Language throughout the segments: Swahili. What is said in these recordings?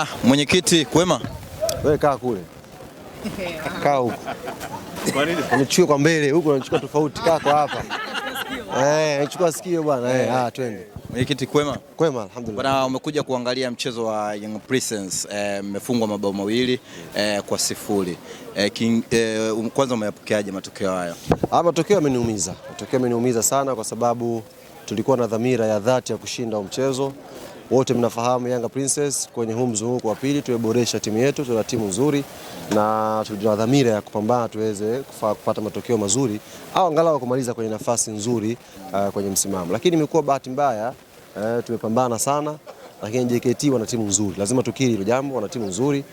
Ah, mwenyekiti kwema? Wewe kaa kule. Kaa huko. Kwa nini? Unachukua kwa mbele huko unachukua tofauti kaa kwa hapa. Eh, unachukua sikio bwana. Eh, ah twende. Mwenyekiti kwema? Kwema, alhamdulillah. Bwana umekuja kuangalia mchezo wa Young Princess eh, mmefungwa eh, mabao mawili eh, kwa sifuri. Eh, king, eh, um, kwanza umeyapokeaje matokeo hayo? Ah, matokeo yameniumiza. Matokeo yameniumiza sana kwa sababu tulikuwa na dhamira ya dhati ya kushinda mchezo wote mnafahamu Yanga Princess kwenye huu mzunguko wa pili tumeboresha timu yetu, tuna timu nzuri na tuna dhamira ya kupambana tuweze kupata matokeo mazuri au angalau kumaliza kwenye nafasi nzuri uh, kwenye msimamo, lakini imekuwa bahati mbaya uh, tumepambana sana, lakini JKT wana timu nzuri, lazima tukiri hilo jambo, wana timu nzuri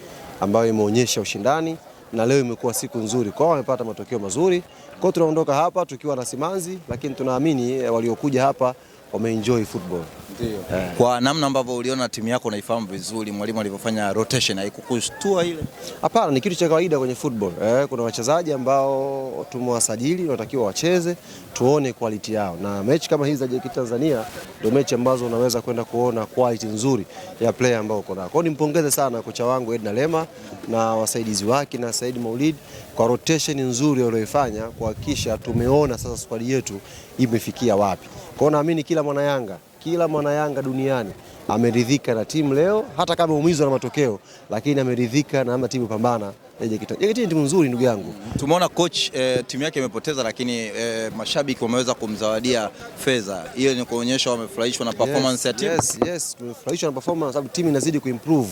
ambayo imeonyesha ushindani na leo imekuwa siku nzuri kwao, wamepata matokeo mazuri kwao. Tunaondoka hapa tukiwa na simanzi, lakini tunaamini eh, waliokuja hapa wameenjoy football. Ndio. Yeah. Kwa namna ambavyo uliona timu yako unaifahamu vizuri, mwalimu alivyofanya rotation haikukushtua ile? Hapana, ni kitu cha kawaida kwenye football. Eh, kuna wachezaji ambao tumewasajili natakiwa wacheze, tuone quality yao, na mechi kama hizi za JKT Tanzania ndio mechi ambazo unaweza kwenda kuona quality nzuri ya player ambao uko nao. Kwa hiyo nimpongeze sana kocha wangu Edna Lema na wasaidizi wake na Said Maulid kwa rotation nzuri walioifanya kuhakikisha tumeona sasa squad yetu imefikia wapi. Kwao naamini kila mwana Yanga, kila mwana Yanga duniani ameridhika na timu leo, hata kama umeumizwa na matokeo, lakini ameridhika na namna timu pambana JKT ni timu nzuri ndugu yangu. Tumeona coach eh, timu yake imepoteza lakini eh, mashabiki wameweza kumzawadia fedha. Hiyo ni kuonyesha wamefurahishwa na performance ya timu. Yes, yes, tumefurahishwa na performance sababu timu inazidi kuimprove.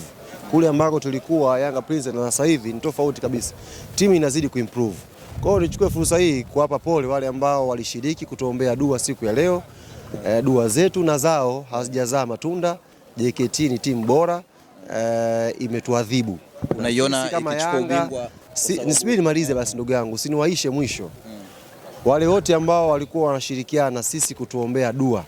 Kule ambako tulikuwa Yanga Princess na sasa hivi ni tofauti kabisa. Timu inazidi kuimprove. Kwa hiyo nichukue fursa hii kuwapa pole wale ambao walishiriki kutuombea dua siku ya leo. E, dua zetu na zao hazijazaa matunda. JKT ni timu bora e, imetuadhibu. Unaiona ikichukua ubingwa. Nisubiri nimalize basi ndugu yangu, siniwaishe mwisho. Hmm. Wale wote ambao walikuwa wanashirikiana na sisi kutuombea dua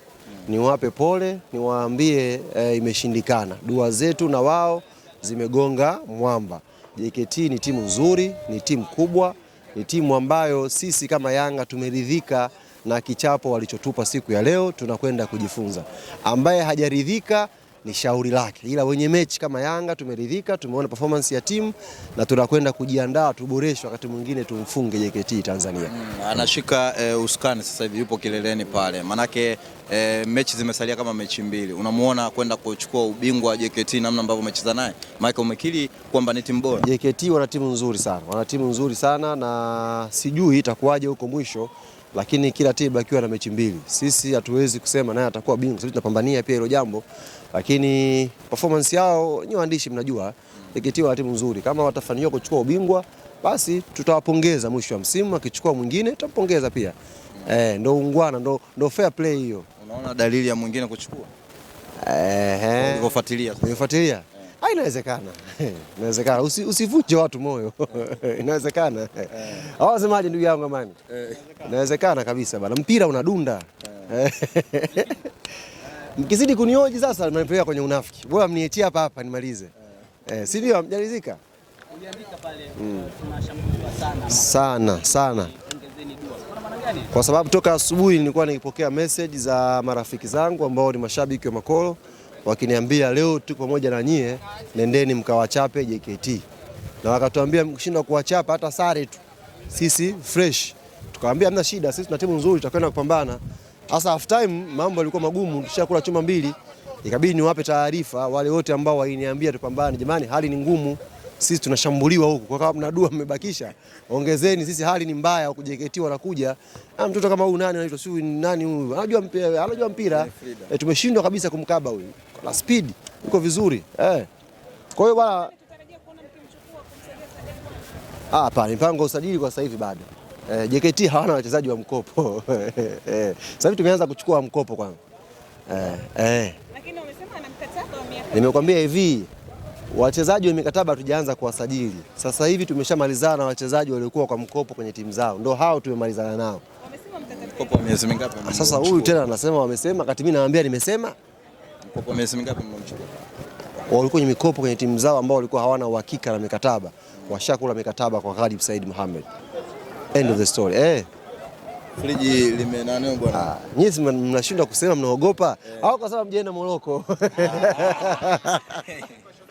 niwape pole, niwaambie e, imeshindikana. Dua zetu na wao zimegonga mwamba. JKT ni timu nzuri, ni timu kubwa ni timu ambayo sisi kama Yanga tumeridhika na kichapo walichotupa siku ya leo, tunakwenda kujifunza. Ambaye hajaridhika ni shauri lake, ila wenye mechi kama Yanga tumeridhika, tumeona performance ya timu na tunakwenda kujiandaa, tuboreshe, wakati mwingine tumfunge JKT Tanzania. Hmm, anashika eh, usukani sasa hivi, yupo kileleni pale, manake eh, mechi zimesalia kama mechi mbili, unamuona kwenda kuchukua ubingwa wa JKT namna ambavyo umecheza naye Mike, umekiri kwamba ni timu bora. JKT wana timu nzuri sana, wana timu nzuri sana na sijui itakuwaje huko mwisho lakini kila timu akiwa na mechi mbili, sisi hatuwezi kusema naye atakuwa bingwa, sisi tunapambania pia hilo jambo, lakini performance yao nyinyi waandishi mnajua, ikitiwa timu nzuri kama watafanikiwa kuchukua ubingwa, basi tutawapongeza mwisho wa msimu, akichukua mwingine tutampongeza pia. Eh, ndo ungwana, ndo, ndo fair play hiyo. Unaona dalili ya mwingine kuchukua? Eh, eh. Inawezekana, inawezekana. Usi, usivunje watu moyo inawezekana. Wasemaje ndugu yangu Amani? Inawezekana kabisa bana, mpira unadunda mkizidi kunioji sasa, mnapeleka kwenye unafiki. Bora mniachie hapa hapa nimalize, eh, si ndio? Hamjalizika mm. sana sana, kwa sababu toka asubuhi nilikuwa nikipokea message za marafiki zangu ambao ni mashabiki wa Makolo wakiniambia leo tu pamoja na nyie, nendeni mkawachape JKT, na wakatuambia mkishinda kuwachapa hata sare tu, sisi fresh. Tukawaambia hamna shida, sisi tuna timu nzuri, tutakwenda kupambana. Hasa half time mambo yalikuwa magumu, tushakula chuma mbili, ikabidi niwape taarifa wale wote ambao waliniambia tupambane, jamani, hali ni ngumu sisi tunashambuliwa huku, kwa sababu mnadua mmebakisha, ongezeni. Sisi hali ni mbaya, JKT wanakuja na ah, mtoto kama huyu, nani anaitwa, sio nani huyu, anajua mpira, anajua mpira. E, tumeshindwa kabisa kumkaba huyu, la speed uko vizuri eh. Kwa hiyo bwana, ah, pa mpango usajili kwa sasa hivi bado e, JKT hawana wachezaji wa mkopo eh, sasa hivi tumeanza kuchukua mkopo kwanza eh, eh. Lakini wamesema ana mkataba wa miaka, nimekwambia hivi Wachezaji wa mikataba hatujaanza kuwasajili. Sasa hivi tumeshamalizana na wachezaji waliokuwa kwa mkopo kwenye timu zao, ndio hao tumemalizana nao. Mkopo wa miezi mingapi? Ah, sasa huyu tena anasema wamesema, kati mimi naambia nimesema. Mkopo wa miezi mingapi mmemchukua? Walikuwa kwenye mikopo kwenye timu zao ambao walikuwa hawana uhakika na mikataba, washakula mikataba kwa Khalid Said Mohamed. End of the story. Eh. Friji limenaneo bwana. Ah, nyinyi mnashindwa kusema mnaogopa eh. au kwa sababu mjenda Moroko?